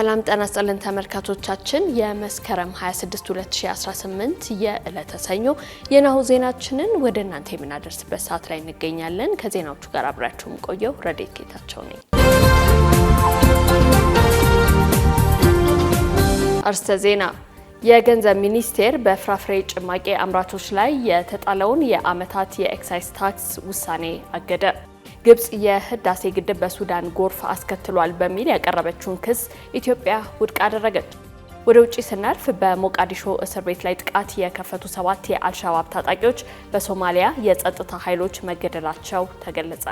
ሰላም ጤና ይስጥልን ተመልካቾቻችን፣ የመስከረም 26 2018 የዕለተ ሰኞ የናሁ ዜናችንን ወደ እናንተ የምናደርስበት ሰዓት ላይ እንገኛለን። ከዜናዎቹ ጋር አብራችሁም ቆየው ረዴት ጌታቸው ነኝ። አርስተ ዜና የገንዘብ ሚኒስቴር በፍራፍሬ ጭማቂ አምራቾች ላይ የተጣለውን የአመታት የኤክሳይዝ ታክስ ውሳኔ አገደ። ግብጽ የህዳሴ ግድብ በሱዳን ጎርፍ አስከትሏል በሚል ያቀረበችውን ክስ ኢትዮጵያ ውድቅ አደረገች። ወደ ውጭ ስናልፍ በሞቃዲሾ እስር ቤት ላይ ጥቃት የከፈቱ ሰባት የአልሸባብ ታጣቂዎች በሶማሊያ የጸጥታ ኃይሎች መገደላቸው ተገለጸ።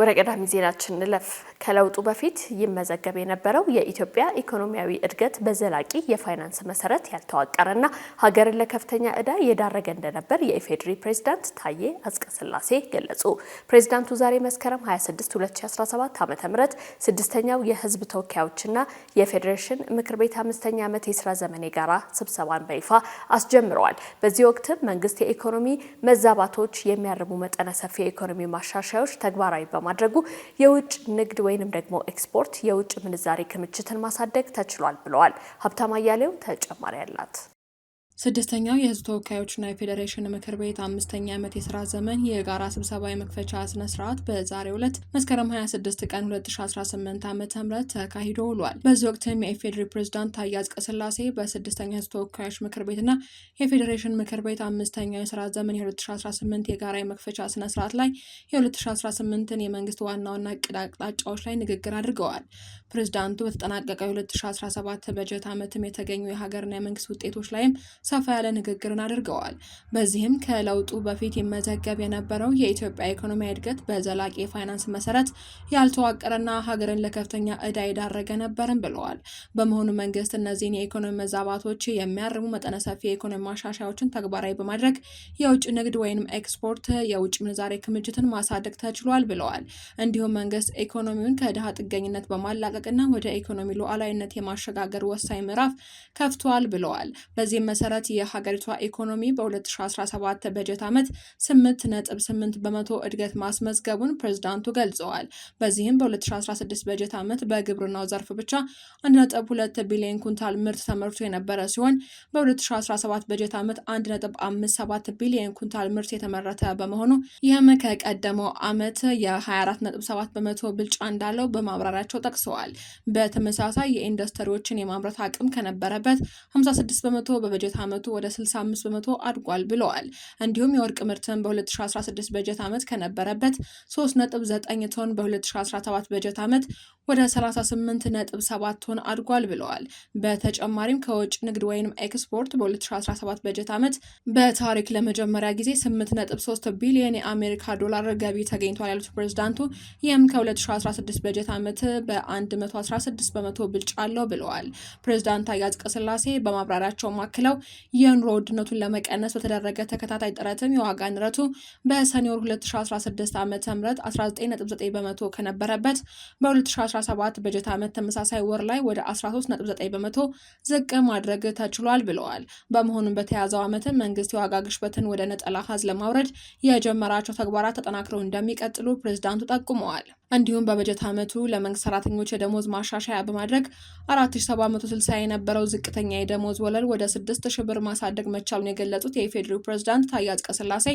ወደ ቀዳሚ ዜናችን እንለፍ። ከለውጡ በፊት ይመዘገብ የነበረው የኢትዮጵያ ኢኮኖሚያዊ እድገት በዘላቂ የፋይናንስ መሰረት ያልተዋቀረና ሀገርን ለከፍተኛ ዕዳ የዳረገ እንደነበር የኢፌዴሪ ፕሬዝዳንት ታዬ አጽቀሥላሴ ገለጹ። ፕሬዝዳንቱ ዛሬ መስከረም 26 2017 ዓ.ም ስድስተኛው የህዝብ ተወካዮችና የፌዴሬሽን ምክር ቤት አምስተኛ ዓመት የስራ ዘመን የጋራ ስብሰባን በይፋ አስጀምረዋል። በዚህ ወቅትም መንግስት የኢኮኖሚ መዛባቶች የሚያርሙ መጠነ ሰፊ የኢኮኖሚ ማሻሻዮች ተግባራዊ በማድረጉ የውጭ ንግድ ወይንም ደግሞ ኤክስፖርት የውጭ ምንዛሬ ክምችትን ማሳደግ ተችሏል ብለዋል። ሀብታም አያሌው ተጨማሪ አላት። ስድስተኛው የህዝብ ተወካዮችና የፌዴሬሽን ምክር ቤት አምስተኛ ዓመት የስራ ዘመን የጋራ ስብሰባ የመክፈቻ ስነ ስርዓት በዛሬው ዕለት መስከረም 26 ቀን 2018 ዓ ም ተካሂዶ ውሏል። በዚህ ወቅትም የኢፌዴሪ ፕሬዝዳንት ታዬ አጽቀሥላሴ በስድስተኛ የህዝብ ተወካዮች ምክር ቤትና የፌዴሬሽን ምክር ቤት አምስተኛው የስራ ዘመን የ2018 የጋራ የመክፈቻ ስነ ስርዓት ላይ የ2018ን የመንግስት ዋና ዋና እቅድ አቅጣጫዎች ላይ ንግግር አድርገዋል። ፕሬዚዳንቱ በተጠናቀቀው የ2017 በጀት ዓመትም የተገኙ የሀገርና የመንግስት ውጤቶች ላይም ሰፋ ያለ ንግግርን አድርገዋል። በዚህም ከለውጡ በፊት ይመዘገብ የነበረው የኢትዮጵያ ኢኮኖሚ እድገት በዘላቂ ፋይናንስ መሰረት ያልተዋቀረና ሀገርን ለከፍተኛ እዳ የዳረገ ነበርን ብለዋል። በመሆኑ መንግስት እነዚህን የኢኮኖሚ መዛባቶች የሚያርሙ መጠነ ሰፊ የኢኮኖሚ ማሻሻያዎችን ተግባራዊ በማድረግ የውጭ ንግድ ወይም ኤክስፖርት፣ የውጭ ምንዛሬ ክምችትን ማሳደግ ተችሏል ብለዋል። እንዲሁም መንግስት ኢኮኖሚውን ከድሃ ጥገኝነት በማላቀቅና ወደ ኢኮኖሚ ሉዓላዊነት የማሸጋገር ወሳኝ ምዕራፍ ከፍቷል ብለዋል። በዚህም መሰረት መሰረት የሀገሪቷ ኢኮኖሚ በ2017 በጀት ዓመት 8.8 በመቶ እድገት ማስመዝገቡን ፕሬዝዳንቱ ገልጸዋል። በዚህም በ2016 በጀት ዓመት በግብርናው ዘርፍ ብቻ 1.2 ቢሊዮን ኩንታል ምርት ተመርቶ የነበረ ሲሆን በ2017 በጀት ዓመት 1.57 ቢሊዮን ኩንታል ምርት የተመረተ በመሆኑ ይህም ከቀደመው ዓመት የ24.7 በመቶ ብልጫ እንዳለው በማብራሪያቸው ጠቅሰዋል። በተመሳሳይ የኢንዱስትሪዎችን የማምረት አቅም ከነበረበት 56 በመቶ በበጀት በየዓመቱ ወደ 65 በመቶ አድጓል ብለዋል። እንዲሁም የወርቅ ምርትን በ2016 በጀት ዓመት ከነበረበት 3.9 ቶን በ2017 በጀት ዓመት ወደ 38.7 ቶን አድጓል ብለዋል። በተጨማሪም ከውጭ ንግድ ወይም ኤክስፖርት በ2017 በጀት ዓመት በታሪክ ለመጀመሪያ ጊዜ 8.3 ቢሊዮን የአሜሪካ ዶላር ገቢ ተገኝቷል ያሉት ፕሬዝዳንቱ ይህም ከ2016 በጀት ዓመት በ116 በመቶ ብልጫ አለው ብለዋል። ፕሬዝዳንት ስላሴ በማብራሪያቸው ማክለው የኑሮ ውድነቱን ለመቀነስ በተደረገ ተከታታይ ጥረትም የዋጋ ንረቱ በሰኔ ወር 2016 ዓ ም 19.9 በመቶ ከነበረበት በ2017 በጀት ዓመት ተመሳሳይ ወር ላይ ወደ 13.9 በመቶ ዝቅ ማድረግ ተችሏል ብለዋል። በመሆኑም በተያዘው ዓመትም መንግስት የዋጋ ግሽበትን ወደ ነጠላ ሀዝ ለማውረድ የጀመራቸው ተግባራት ተጠናክረው እንደሚቀጥሉ ፕሬዝዳንቱ ጠቁመዋል። እንዲሁም በበጀት ዓመቱ ለመንግስት ሰራተኞች የደሞዝ ማሻሻያ በማድረግ 4760 የነበረው ዝቅተኛ የደሞዝ ወለል ወደ 6000 ብር ማሳደግ መቻሉን የገለጹት የኢፌዴሪው ፕሬዝዳንት ታዬ አጽቀሥላሴ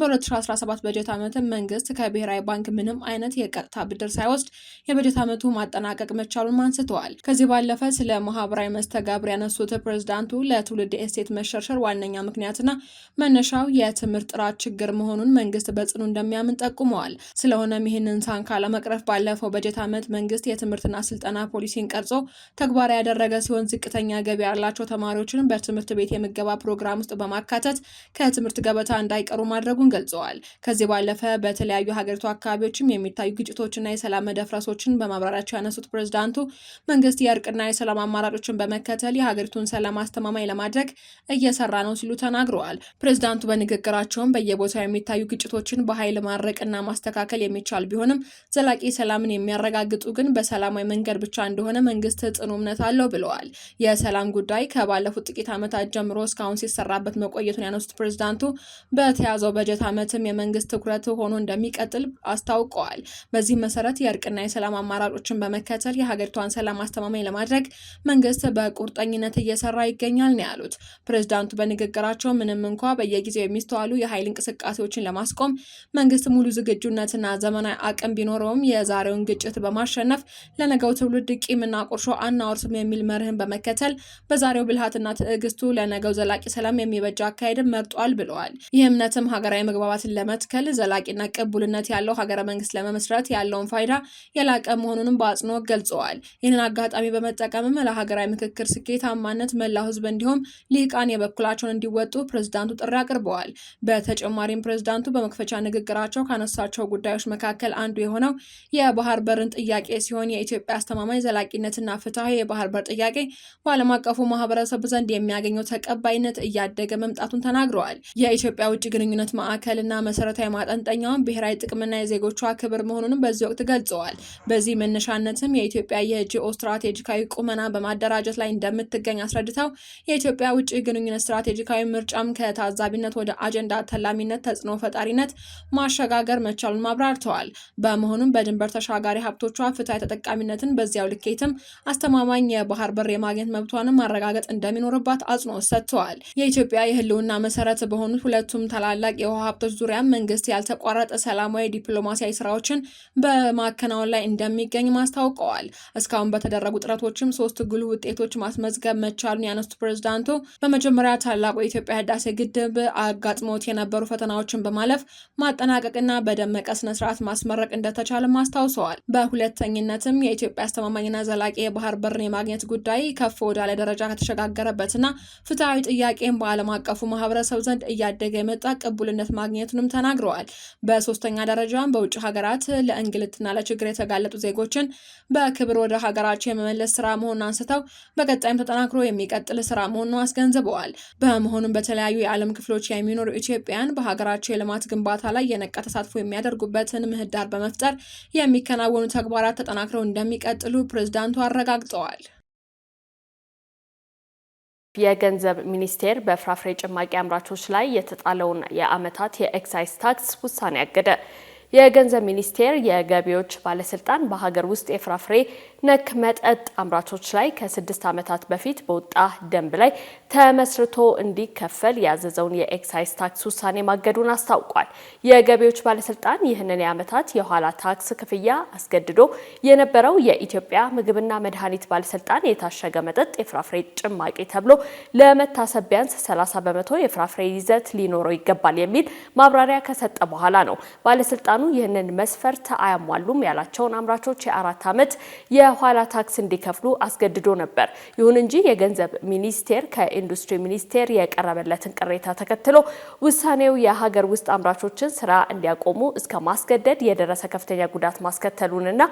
በ2017 በጀት ዓመት መንግስት ከብሔራዊ ባንክ ምንም አይነት የቀጥታ ብድር ሳይወስድ የበጀት ዓመቱ ማጠናቀቅ መቻሉን አንስተዋል። ከዚህ ባለፈ ስለ ማህበራዊ መስተጋብር ያነሱት ፕሬዝዳንቱ ለትውልድ ኤስቴት መሸርሸር ዋነኛ ምክንያትና መነሻው የትምህርት ጥራት ችግር መሆኑን መንግስት በጽኑ እንደሚያምን ጠቁመዋል። ስለሆነም ይህንን ሳንካ ለመቅረፍ ባለፈው በጀት ዓመት መንግስት የትምህርትና ስልጠና ፖሊሲን ቀርጾ ተግባራዊ ያደረገ ሲሆን ዝቅተኛ ገቢ ያላቸው ተማሪዎችን በትምህርት ቤት ቤት የምገባ ፕሮግራም ውስጥ በማካተት ከትምህርት ገበታ እንዳይቀሩ ማድረጉን ገልጸዋል። ከዚህ ባለፈ በተለያዩ ሀገሪቱ አካባቢዎችም የሚታዩ ግጭቶችና የሰላም መደፍረሶችን በማብራሪያቸው ያነሱት ፕሬዝዳንቱ መንግስት የእርቅና የሰላም አማራጮችን በመከተል የሀገሪቱን ሰላም አስተማማኝ ለማድረግ እየሰራ ነው ሲሉ ተናግረዋል። ፕሬዝዳንቱ በንግግራቸውም በየቦታው የሚታዩ ግጭቶችን በኃይል ማድረቅና ማስተካከል የሚቻል ቢሆንም ዘላቂ ሰላምን የሚያረጋግጡ ግን በሰላማዊ መንገድ ብቻ እንደሆነ መንግስት ጽኑ እምነት አለው ብለዋል። የሰላም ጉዳይ ከባለፉት ጥቂት ዓመታት ጀምሮ እስካሁን ሲሰራበት መቆየቱን ያነሱት ፕሬዝዳንቱ በተያዘው በጀት ዓመትም የመንግስት ትኩረት ሆኖ እንደሚቀጥል አስታውቀዋል። በዚህ መሰረት የእርቅና የሰላም አማራጮችን በመከተል የሀገሪቷን ሰላም አስተማማኝ ለማድረግ መንግስት በቁርጠኝነት እየሰራ ይገኛል ነው ያሉት ፕሬዝዳንቱ። በንግግራቸው ምንም እንኳ በየጊዜው የሚስተዋሉ የኃይል እንቅስቃሴዎችን ለማስቆም መንግስት ሙሉ ዝግጁነትና ዘመናዊ አቅም ቢኖረውም የዛሬውን ግጭት በማሸነፍ ለነገው ትውልድ ቂምና ቁርሾ አናወርስም የሚል መርህን በመከተል በዛሬው ብልሃትና ትዕግስቱ ለነገው ዘላቂ ሰላም የሚበጃ አካሄድን መርጧል ብለዋል። ይህ እምነትም ሀገራዊ መግባባትን ለመትከል ዘላቂና ቅቡልነት ያለው ሀገረ መንግስት ለመመስረት ያለውን ፋይዳ የላቀ መሆኑንም በአጽንኦት ገልጸዋል። ይህንን አጋጣሚ በመጠቀምም ለሀገራዊ ምክክር ስኬታማነት መላው ህዝብ እንዲሁም ሊቃን የበኩላቸውን እንዲወጡ ፕሬዝዳንቱ ጥሪ አቅርበዋል። በተጨማሪም ፕሬዝዳንቱ በመክፈቻ ንግግራቸው ካነሳቸው ጉዳዮች መካከል አንዱ የሆነው የባህር በርን ጥያቄ ሲሆን የኢትዮጵያ አስተማማኝ ዘላቂነትና ፍትሐዊ የባህር በር ጥያቄ በዓለም አቀፉ ማህበረሰብ ዘንድ የሚያገኘው ተቀባይነት እያደገ መምጣቱን ተናግረዋል። የኢትዮጵያ ውጭ ግንኙነት ማዕከልና መሰረታዊ ማጠንጠኛውን ብሔራዊ ጥቅምና የዜጎቿ ክብር መሆኑንም በዚህ ወቅት ገልጸዋል። በዚህ መነሻነትም የኢትዮጵያ የጂኦ ስትራቴጂካዊ ቁመና በማደራጀት ላይ እንደምትገኝ አስረድተው የኢትዮጵያ ውጭ ግንኙነት ስትራቴጂካዊ ምርጫም ከታዛቢነት ወደ አጀንዳ ተላሚነት፣ ተጽዕኖ ፈጣሪነት ማሸጋገር መቻሉን አብራርተዋል። በመሆኑም በድንበር ተሻጋሪ ሀብቶቿ ፍትሐዊ ተጠቃሚነትን በዚያው ልኬትም አስተማማኝ የባህር በር የማግኘት መብቷንም ማረጋገጥ እንደሚኖርባት አጽኖ። ሰጥተዋል። የኢትዮጵያ የህልውና መሰረት በሆኑት ሁለቱም ታላላቅ የውሃ ሀብቶች ዙሪያ መንግስት ያልተቋረጠ ሰላማዊ ዲፕሎማሲያዊ ስራዎችን በማከናወን ላይ እንደሚገኝ ማስታውቀዋል። እስካሁን በተደረጉ ጥረቶችም ሶስት ጉልህ ውጤቶች ማስመዝገብ መቻሉን ያነሱት ፕሬዝዳንቱ በመጀመሪያ ታላቁ የኢትዮጵያ ህዳሴ ግድብ አጋጥሞት የነበሩ ፈተናዎችን በማለፍ ማጠናቀቅና በደመቀ ስነስርዓት ማስመረቅ እንደተቻለም አስታውሰዋል። በሁለተኝነትም የኢትዮጵያ አስተማማኝና ዘላቂ የባህር በርን የማግኘት ጉዳይ ከፍ ወዳለ ደረጃ ከተሸጋገረበትና ፍትሐዊ ጥያቄም በዓለም አቀፉ ማህበረሰብ ዘንድ እያደገ የመጣ ቅቡልነት ማግኘቱንም ተናግረዋል። በሶስተኛ ደረጃም በውጭ ሀገራት ለእንግልትና ለችግር የተጋለጡ ዜጎችን በክብር ወደ ሀገራቸው የመመለስ ስራ መሆኑን አንስተው በቀጣይም ተጠናክሮ የሚቀጥል ስራ መሆኑን አስገንዝበዋል። በመሆኑም በተለያዩ የዓለም ክፍሎች የሚኖሩ ኢትዮጵያን በሀገራቸው የልማት ግንባታ ላይ የነቃ ተሳትፎ የሚያደርጉበትን ምህዳር በመፍጠር የሚከናወኑ ተግባራት ተጠናክረው እንደሚቀጥሉ ፕሬዝዳንቱ አረጋግጠዋል። የገንዘብ ሚኒስቴር በፍራፍሬ ጭማቂ አምራቾች ላይ የተጣለውን የአመታት የኤክሳይዝ ታክስ ውሳኔ አገደ። የገንዘብ ሚኒስቴር የገቢዎች ባለስልጣን በሀገር ውስጥ የፍራፍሬ ነክ መጠጥ አምራቾች ላይ ከስድስት ዓመታት በፊት በወጣ ደንብ ላይ ተመስርቶ እንዲከፈል ያዘዘውን የኤክሳይዝ ታክስ ውሳኔ ማገዱን አስታውቋል። የገቢዎች ባለስልጣን ይህንን የዓመታት የኋላ ታክስ ክፍያ አስገድዶ የነበረው የኢትዮጵያ ምግብና መድኃኒት ባለስልጣን የታሸገ መጠጥ የፍራፍሬ ጭማቂ ተብሎ ለመታሰብ ቢያንስ 30 በመቶ የፍራፍሬ ይዘት ሊኖረው ይገባል የሚል ማብራሪያ ከሰጠ በኋላ ነው። ባለስልጣኑ ይህንን መስፈርት አያሟሉም ያላቸውን አምራቾች የአራት ዓመት የኋላ ታክስ እንዲከፍሉ አስገድዶ ነበር። ይሁን እንጂ የገንዘብ ሚኒስቴር ከኢንዱስትሪ ሚኒስቴር የቀረበለትን ቅሬታ ተከትሎ ውሳኔው የሀገር ውስጥ አምራቾችን ስራ እንዲያቆሙ እስከ ማስገደድ የደረሰ ከፍተኛ ጉዳት ማስከተሉንና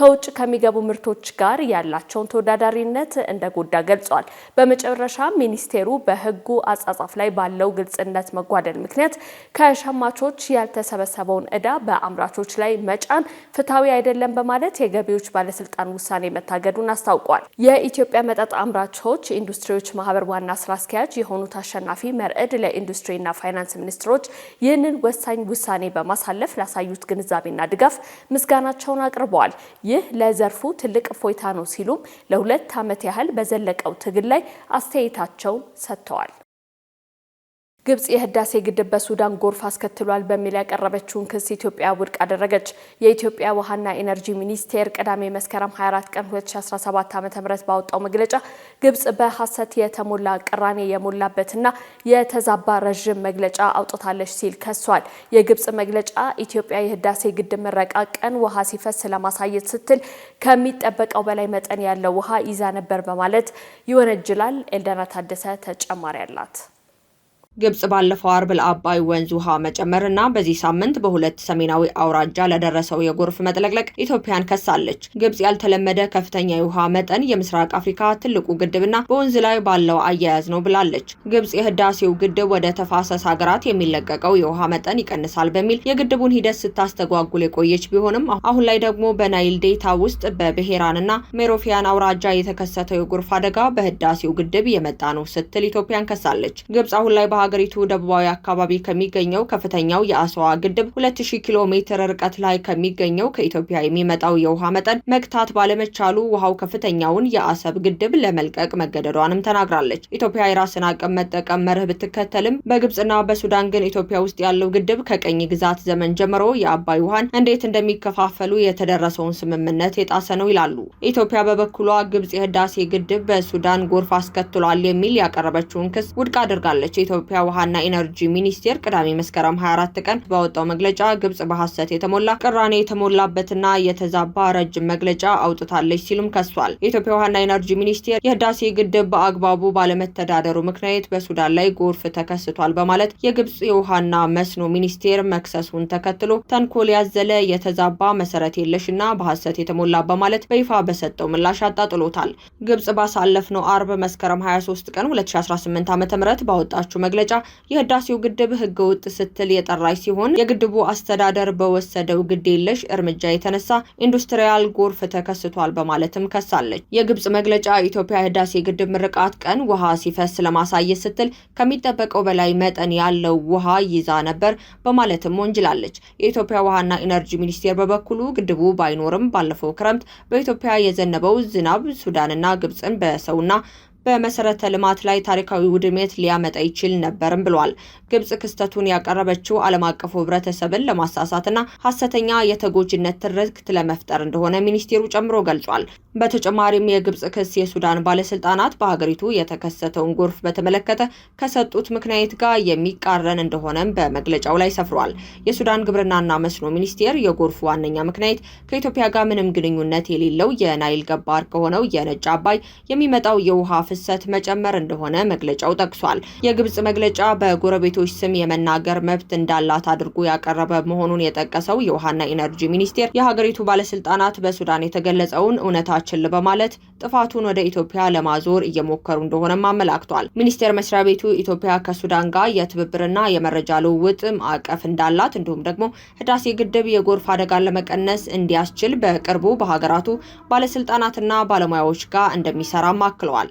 ከውጭ ከሚገቡ ምርቶች ጋር ያላቸውን ተወዳዳሪነት እንደጎዳ ገልጿል። በመጨረሻ ሚኒስቴሩ በህጉ አጻጻፍ ላይ ባለው ግልጽነት መጓደል ምክንያት ከሸማቾች ያልተሰበሰበውን እዳ በአምራቾች ላይ መጫን ፍትሐዊ አይደለም በማለት የገቢዎች ባለስልጣን ውሳኔ መታገዱን አስታውቋል። የኢትዮጵያ መጠጥ አምራቾች ኢንዱስትሪዎች ማህበር ዋና ስራ አስኪያጅ የሆኑት አሸናፊ መርዕድ ለኢንዱስትሪና ፋይናንስ ሚኒስትሮች ይህንን ወሳኝ ውሳኔ በማሳለፍ ላሳዩት ግንዛቤና ድጋፍ ምስጋናቸውን አቅርበዋል። ይህ ለዘርፉ ትልቅ እፎይታ ነው ሲሉም ለሁለት ዓመት ያህል በዘለቀው ትግል ላይ አስተያየታቸውን ሰጥተዋል። ግብጽ የህዳሴ ግድብ በሱዳን ጎርፍ አስከትሏል በሚል ያቀረበችውን ክስ ኢትዮጵያ ውድቅ አደረገች። የኢትዮጵያ ውሃና ኤነርጂ ሚኒስቴር ቅዳሜ መስከረም 24 ቀን 2017 ዓ ም ባወጣው መግለጫ ግብጽ በሐሰት የተሞላ ቅራኔ የሞላበትና የተዛባ ረዥም መግለጫ አውጥታለች ሲል ከሷል። የግብጽ መግለጫ ኢትዮጵያ የህዳሴ ግድብ ምረቃ ቀን ውሃ ሲፈስ ለማሳየት ስትል ከሚጠበቀው በላይ መጠን ያለው ውሃ ይዛ ነበር በማለት ይወነጅላል። ኤልዳና ታደሰ ተጨማሪ አላት። ግብጽ ባለፈው አርብ ለአባይ ወንዝ ውሃ መጨመር እና በዚህ ሳምንት በሁለት ሰሜናዊ አውራጃ ለደረሰው የጎርፍ መጥለቅለቅ ኢትዮጵያን ከሳለች። ግብጽ ያልተለመደ ከፍተኛ የውሃ መጠን የምስራቅ አፍሪካ ትልቁ ግድብና በወንዝ ላይ ባለው አያያዝ ነው ብላለች። ግብጽ የህዳሴው ግድብ ወደ ተፋሰስ ሀገራት የሚለቀቀው የውሃ መጠን ይቀንሳል በሚል የግድቡን ሂደት ስታስተጓጉል የቆየች ቢሆንም አሁን ላይ ደግሞ በናይል ዴታ ውስጥ በብሔራንና እና ሜሮፊያን አውራጃ የተከሰተው የጎርፍ አደጋ በህዳሴው ግድብ የመጣ ነው ስትል ኢትዮጵያን ከሳለች። ግብጽ አሁን ላይ በሀገሪቱ ደቡባዊ አካባቢ ከሚገኘው ከፍተኛው የአስዋ ግድብ 2000 ኪሎ ሜትር ርቀት ላይ ከሚገኘው ከኢትዮጵያ የሚመጣው የውሃ መጠን መግታት ባለመቻሉ ውሃው ከፍተኛውን የአሰብ ግድብ ለመልቀቅ መገደዷንም ተናግራለች። ኢትዮጵያ የራስን አቅም መጠቀም መርህ ብትከተልም በግብፅና በሱዳን ግን ኢትዮጵያ ውስጥ ያለው ግድብ ከቀኝ ግዛት ዘመን ጀምሮ የአባይ ውሃን እንዴት እንደሚከፋፈሉ የተደረሰውን ስምምነት የጣሰ ነው ይላሉ። ኢትዮጵያ በበኩሏ ግብፅ የህዳሴ ግድብ በሱዳን ጎርፍ አስከትሏል የሚል ያቀረበችውን ክስ ውድቅ አድርጋለች። ኢትዮጵያ የኢትዮጵያ ውሃና ኢነርጂ ሚኒስቴር ቅዳሜ መስከረም 24 ቀን ባወጣው መግለጫ ግብጽ በሐሰት የተሞላ ቅራኔ የተሞላበትና የተዛባ ረጅም መግለጫ አውጥታለች ሲሉም ከሷል። የኢትዮጵያ ውሃና ኢነርጂ ሚኒስቴር የህዳሴ ግድብ በአግባቡ ባለመተዳደሩ ምክንያት በሱዳን ላይ ጎርፍ ተከስቷል በማለት የግብጽ የውሃና መስኖ ሚኒስቴር መክሰሱን ተከትሎ ተንኮል ያዘለ የተዛባ መሰረት የለሽና በሐሰት የተሞላ በማለት በይፋ በሰጠው ምላሽ አጣጥሎታል። ግብጽ ባሳለፍነው አርብ መስከረም 23 ቀን 2018 ዓ ም ባወጣችው መግለጫ መግለጫ የህዳሴው ግድብ ህገወጥ ስትል የጠራች ሲሆን የግድቡ አስተዳደር በወሰደው ግዴለሽ እርምጃ የተነሳ ኢንዱስትሪያል ጎርፍ ተከስቷል በማለትም ከሳለች። የግብጽ መግለጫ ኢትዮጵያ የህዳሴ ግድብ ምርቃት ቀን ውሃ ሲፈስ ለማሳየት ስትል ከሚጠበቀው በላይ መጠን ያለው ውሃ ይዛ ነበር በማለትም ወንጅላለች። የኢትዮጵያ ውሃና ኢነርጂ ሚኒስቴር በበኩሉ ግድቡ ባይኖርም ባለፈው ክረምት በኢትዮጵያ የዘነበው ዝናብ ሱዳንና ግብጽን በሰውና በመሰረተ ልማት ላይ ታሪካዊ ውድመት ሊያመጣ ይችል ነበርም ብሏል። ግብጽ ክስተቱን ያቀረበችው ዓለም አቀፉ ህብረተሰብን ለማሳሳትና ሀሰተኛ የተጎጂነት ትርክት ለመፍጠር እንደሆነ ሚኒስቴሩ ጨምሮ ገልጿል። በተጨማሪም የግብጽ ክስ የሱዳን ባለስልጣናት በሀገሪቱ የተከሰተውን ጎርፍ በተመለከተ ከሰጡት ምክንያት ጋር የሚቃረን እንደሆነም በመግለጫው ላይ ሰፍሯል። የሱዳን ግብርናና መስኖ ሚኒስቴር የጎርፉ ዋነኛ ምክንያት ከኢትዮጵያ ጋር ምንም ግንኙነት የሌለው የናይል ገባር ከሆነው የነጭ አባይ የሚመጣው የውሃ ፍሰት መጨመር እንደሆነ መግለጫው ጠቅሷል። የግብጽ መግለጫ በጎረቤቶች ስም የመናገር መብት እንዳላት አድርጎ ያቀረበ መሆኑን የጠቀሰው የውሃና ኢነርጂ ሚኒስቴር የሀገሪቱ ባለስልጣናት በሱዳን የተገለጸውን እውነታ ችላ በማለት ጥፋቱን ወደ ኢትዮጵያ ለማዞር እየሞከሩ እንደሆነም አመላክቷል። ሚኒስቴር መስሪያ ቤቱ ኢትዮጵያ ከሱዳን ጋር የትብብርና የመረጃ ልውውጥ ማዕቀፍ እንዳላት እንዲሁም ደግሞ ህዳሴ ግድብ የጎርፍ አደጋን ለመቀነስ እንዲያስችል በቅርቡ በሀገራቱ ባለስልጣናትና ባለሙያዎች ጋር እንደሚሰራም አክለዋል።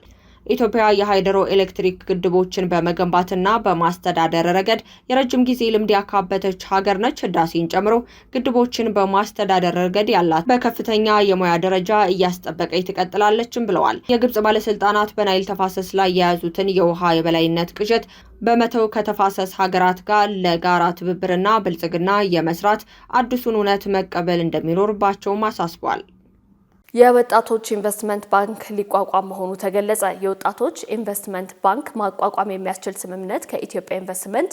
ኢትዮጵያ የሃይድሮ ኤሌክትሪክ ግድቦችን በመገንባትና በማስተዳደር ረገድ የረጅም ጊዜ ልምድ ያካበተች ሀገር ነች። ህዳሴን ጨምሮ ግድቦችን በማስተዳደር ረገድ ያላት በከፍተኛ የሙያ ደረጃ እያስጠበቀች ትቀጥላለችም ብለዋል። የግብጽ ባለስልጣናት በናይል ተፋሰስ ላይ የያዙትን የውሃ የበላይነት ቅዠት በመተው ከተፋሰስ ሀገራት ጋር ለጋራ ትብብርና ብልጽግና የመስራት አዲሱን እውነት መቀበል እንደሚኖርባቸውም አሳስቧል። የወጣቶች ኢንቨስትመንት ባንክ ሊቋቋም መሆኑ ተገለጸ። የወጣቶች ኢንቨስትመንት ባንክ ማቋቋም የሚያስችል ስምምነት ከኢትዮጵያ ኢንቨስትመንት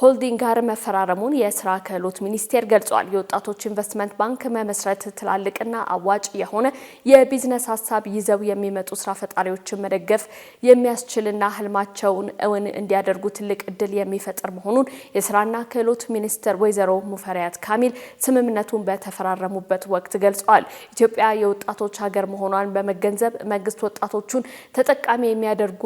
ሆልዲንግ ጋር መፈራረሙን የስራ ክህሎት ሚኒስቴር ገልጿል። የወጣቶች ኢንቨስትመንት ባንክ መመስረት ትላልቅና አዋጭ የሆነ የቢዝነስ ሀሳብ ይዘው የሚመጡ ስራ ፈጣሪዎችን መደገፍ የሚያስችልና ህልማቸውን እውን እንዲያደርጉ ትልቅ እድል የሚፈጥር መሆኑን የስራና ክህሎት ሚኒስትር ወይዘሮ ሙፈሪያት ካሚል ስምምነቱን በተፈራረሙበት ወቅት ገልጸዋል። ኢትዮጵያ የወጣቶች ሀገር መሆኗን በመገንዘብ መንግስት ወጣቶቹን ተጠቃሚ የሚያደርጉ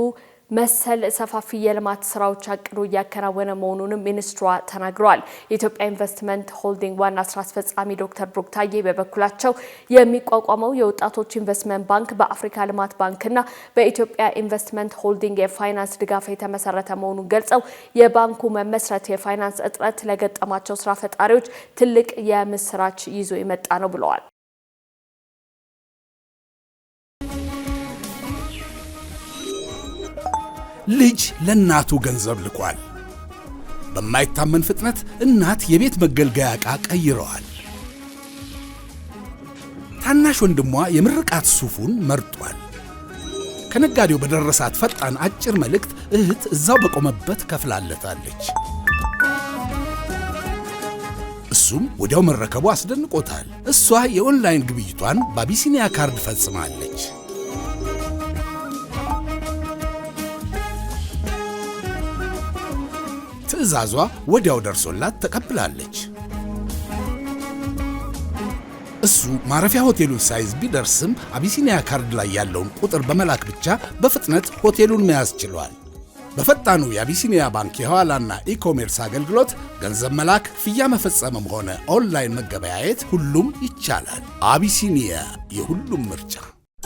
መሰል ሰፋፊ የልማት ስራዎች አቅዶ እያከናወነ መሆኑንም ሚኒስትሯ ተናግረዋል። የኢትዮጵያ ኢንቨስትመንት ሆልዲንግ ዋና ስራ አስፈጻሚ ዶክተር ብሩክ ታዬ በበኩላቸው የሚቋቋመው የወጣቶች ኢንቨስትመንት ባንክ በአፍሪካ ልማት ባንክና በኢትዮጵያ ኢንቨስትመንት ሆልዲንግ የፋይናንስ ድጋፍ የተመሰረተ መሆኑን ገልጸው የባንኩ መመስረት የፋይናንስ እጥረት ለገጠማቸው ስራ ፈጣሪዎች ትልቅ የምስራች ይዞ የመጣ ነው ብለዋል። ልጅ ለእናቱ ገንዘብ ልኳል። በማይታመን ፍጥነት እናት የቤት መገልገያ ዕቃ ቀይረዋል። ታናሽ ወንድሟ የምርቃት ሱፉን መርጧል። ከነጋዴው በደረሳት ፈጣን አጭር መልእክት እህት እዛው በቆመበት ከፍላለታለች። እሱም ወዲያው መረከቡ አስደንቆታል። እሷ የኦንላይን ግብይቷን በአቢሲኒያ ካርድ ፈጽማለች። ትዕዛዟ ወዲያው ደርሶላት ተቀብላለች። እሱ ማረፊያ ሆቴሉን ሳይዝ ቢደርስም አቢሲኒያ ካርድ ላይ ያለውን ቁጥር በመላክ ብቻ በፍጥነት ሆቴሉን መያዝ ችሏል። በፈጣኑ የአቢሲኒያ ባንክ የኋላና ኢኮሜርስ አገልግሎት ገንዘብ መላክ፣ ፍያ መፈጸምም ሆነ ኦንላይን መገበያየት ሁሉም ይቻላል። አቢሲኒያ የሁሉም ምርጫ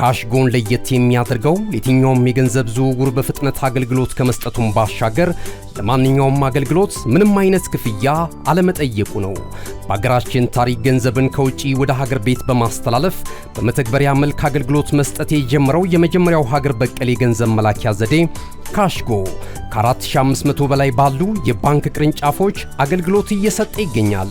ካሽጎን ለየት የሚያደርገው የትኛውም የገንዘብ ዝውውር በፍጥነት አገልግሎት ከመስጠቱም ባሻገር ለማንኛውም አገልግሎት ምንም አይነት ክፍያ አለመጠየቁ ነው። በሀገራችን ታሪክ ገንዘብን ከውጪ ወደ ሀገር ቤት በማስተላለፍ በመተግበሪያ መልክ አገልግሎት መስጠት የጀመረው የመጀመሪያው ሀገር በቀል የገንዘብ መላኪያ ዘዴ ካሽጎ ከ4500 በላይ ባሉ የባንክ ቅርንጫፎች አገልግሎት እየሰጠ ይገኛል።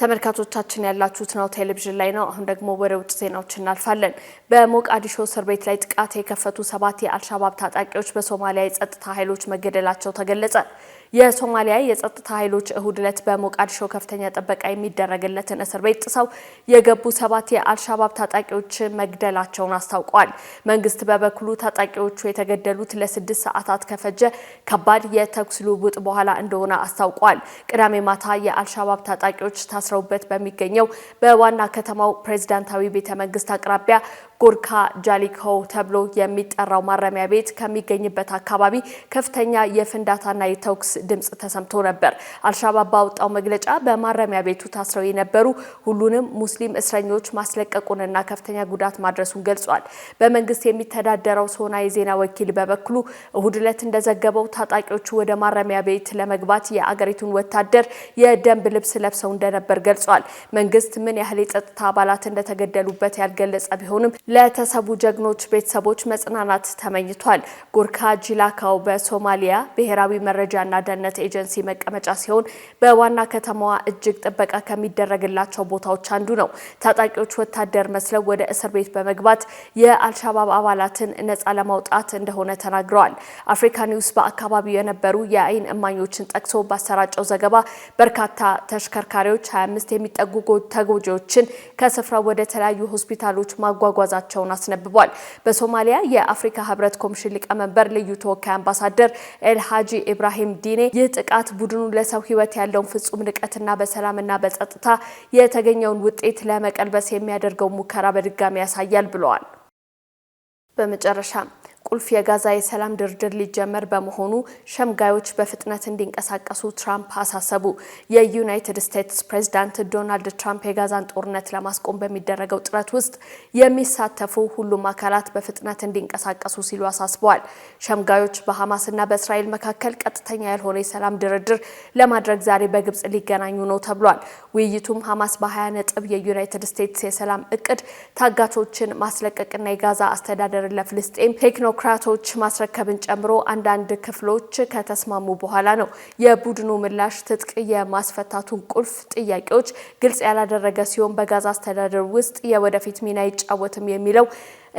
ተመልካቾቻችን ያላችሁት ናሁ ቴሌቪዥን ላይ ነው። አሁን ደግሞ ወደ ውጭ ዜናዎች እናልፋለን። በሞቃዲሾ እስር ቤት ላይ ጥቃት የከፈቱ ሰባት የአልሻባብ ታጣቂዎች በሶማሊያ የጸጥታ ኃይሎች መገደላቸው ተገለጸ። የሶማሊያ የጸጥታ ኃይሎች እሁድ ዕለት በሞቃዲሾ ከፍተኛ ጥበቃ የሚደረግለትን እስር ቤት ጥሰው የገቡ ሰባት የአልሻባብ ታጣቂዎች መግደላቸውን አስታውቋል። መንግስት በበኩሉ ታጣቂዎቹ የተገደሉት ለስድስት ሰዓታት ከፈጀ ከባድ የተኩስ ልውውጥ በኋላ እንደሆነ አስታውቋል። ቅዳሜ ማታ የአልሻባብ ታጣቂዎች ታስረውበት በሚገኘው በዋና ከተማው ፕሬዚዳንታዊ ቤተ መንግስት አቅራቢያ ጎርካ ጃሊኮ ተብሎ የሚጠራው ማረሚያ ቤት ከሚገኝበት አካባቢ ከፍተኛ የፍንዳታና የተኩስ ድምፅ ተሰምቶ ነበር። አልሻባብ ባወጣው መግለጫ በማረሚያ ቤቱ ታስረው የነበሩ ሁሉንም ሙስሊም እስረኞች ማስለቀቁንና ከፍተኛ ጉዳት ማድረሱን ገልጿል። በመንግስት የሚተዳደረው ሶና የዜና ወኪል በበኩሉ እሁድ ዕለት እንደዘገበው ታጣቂዎቹ ወደ ማረሚያ ቤት ለመግባት የአገሪቱን ወታደር የደንብ ልብስ ለብሰው እንደነበር ገልጿል። መንግስት ምን ያህል የጸጥታ አባላት እንደተገደሉበት ያልገለጸ ቢሆንም ለተሰቡ ጀግኖች ቤተሰቦች መጽናናት ተመኝቷል። ጉርካ ጂላካው በሶማሊያ ብሔራዊ መረጃና ደህንነት ኤጀንሲ መቀመጫ ሲሆን በዋና ከተማዋ እጅግ ጥበቃ ከሚደረግላቸው ቦታዎች አንዱ ነው። ታጣቂዎች ወታደር መስለው ወደ እስር ቤት በመግባት የአልሻባብ አባላትን ነፃ ለማውጣት እንደሆነ ተናግረዋል። አፍሪካ ኒውስ በአካባቢው የነበሩ የአይን እማኞችን ጠቅሶ ባሰራጨው ዘገባ በርካታ ተሽከርካሪዎች 25 የሚጠጉ ተጎጂዎችን ከስፍራው ወደ ተለያዩ ሆስፒታሎች ማጓጓዝ መጓዛቸውን አስነብቧል። በሶማሊያ የአፍሪካ ህብረት ኮሚሽን ሊቀመንበር ልዩ ተወካይ አምባሳደር ኤልሃጂ ኢብራሂም ዲኔ ይህ ጥቃት ቡድኑ ለሰው ህይወት ያለውን ፍጹም ንቀትና በሰላምና በጸጥታ የተገኘውን ውጤት ለመቀልበስ የሚያደርገው ሙከራ በድጋሚ ያሳያል ብለዋል። በመጨረሻም ቁልፍ የጋዛ የሰላም ድርድር ሊጀመር በመሆኑ ሸምጋዮች በፍጥነት እንዲንቀሳቀሱ ትራምፕ አሳሰቡ። የዩናይትድ ስቴትስ ፕሬዚዳንት ዶናልድ ትራምፕ የጋዛን ጦርነት ለማስቆም በሚደረገው ጥረት ውስጥ የሚሳተፉ ሁሉም አካላት በፍጥነት እንዲንቀሳቀሱ ሲሉ አሳስበዋል። ሸምጋዮች በሐማስና በእስራኤል መካከል ቀጥተኛ ያልሆነ የሰላም ድርድር ለማድረግ ዛሬ በግብጽ ሊገናኙ ነው ተብሏል። ውይይቱም ሐማስ በ20 ነጥብ የዩናይትድ ስቴትስ የሰላም እቅድ ታጋቾችን ማስለቀቅና የጋዛ አስተዳደርን ለፍልስጤም ቴክኖ ቢሮክራቶች ማስረከብን ጨምሮ አንዳንድ ክፍሎች ከተስማሙ በኋላ ነው የቡድኑ ምላሽ ትጥቅ የማስፈታቱን ቁልፍ ጥያቄዎች ግልጽ ያላደረገ ሲሆን በጋዛ አስተዳደር ውስጥ የወደፊት ሚና አይጫወትም የሚለው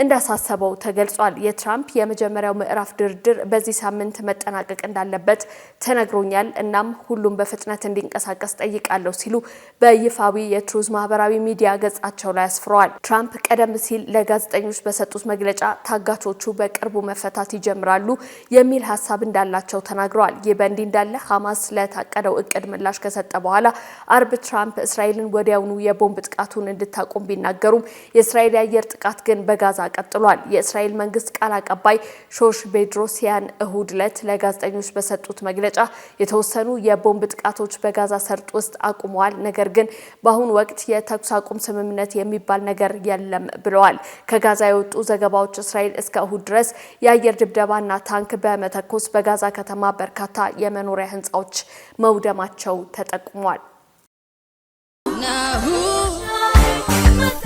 እንዳሳሰበው ተገልጿል። የትራምፕ የመጀመሪያው ምዕራፍ ድርድር በዚህ ሳምንት መጠናቀቅ እንዳለበት ተነግሮኛል፣ እናም ሁሉም በፍጥነት እንዲንቀሳቀስ ጠይቃለሁ ሲሉ በይፋዊ የትሩዝ ማህበራዊ ሚዲያ ገጻቸው ላይ አስፍረዋል። ትራምፕ ቀደም ሲል ለጋዜጠኞች በሰጡት መግለጫ ታጋቾቹ በቅርቡ መፈታት ይጀምራሉ የሚል ሀሳብ እንዳላቸው ተናግረዋል። ይህ በእንዲህ እንዳለ ሐማስ ለታቀደው እቅድ ምላሽ ከሰጠ በኋላ አርብ ትራምፕ እስራኤልን ወዲያውኑ የቦምብ ጥቃቱን እንድታቆም ቢናገሩም የእስራኤል የአየር ጥቃት ግን በጋዛ ቀጥሏል። የእስራኤል መንግስት ቃል አቀባይ ሾሽ ቤድሮሲያን እሁድ ዕለት ለጋዜጠኞች በሰጡት መግለጫ የተወሰኑ የቦምብ ጥቃቶች በጋዛ ሰርጥ ውስጥ አቁመዋል፣ ነገር ግን በአሁኑ ወቅት የተኩስ አቁም ስምምነት የሚባል ነገር የለም ብለዋል። ከጋዛ የወጡ ዘገባዎች እስራኤል እስከ እሁድ ድረስ የአየር ድብደባና ታንክ በመተኮስ በጋዛ ከተማ በርካታ የመኖሪያ ህንፃዎች መውደማቸው ተጠቁሟል።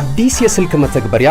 አዲስ የስልክ መተግበሪያ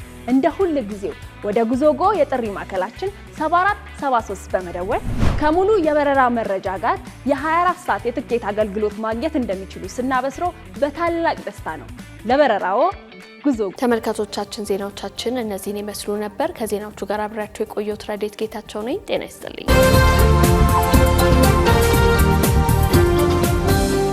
እንደ ሁል ጊዜው ወደ ጉዞጎ የጥሪ ማዕከላችን 7473 በመደወል ከሙሉ የበረራ መረጃ ጋር የ24 ሰዓት የትኬት አገልግሎት ማግኘት እንደሚችሉ ስናበስሮ በታላቅ ደስታ ነው። ለበረራዎ ጉዞ። ተመልካቾቻችን ዜናዎቻችን እነዚህን ይመስሉ ነበር። ከዜናዎቹ ጋር አብሬያቸው የቆየሁት ረዴት ጌታቸው ነኝ። ጤና ይስጥልኝ።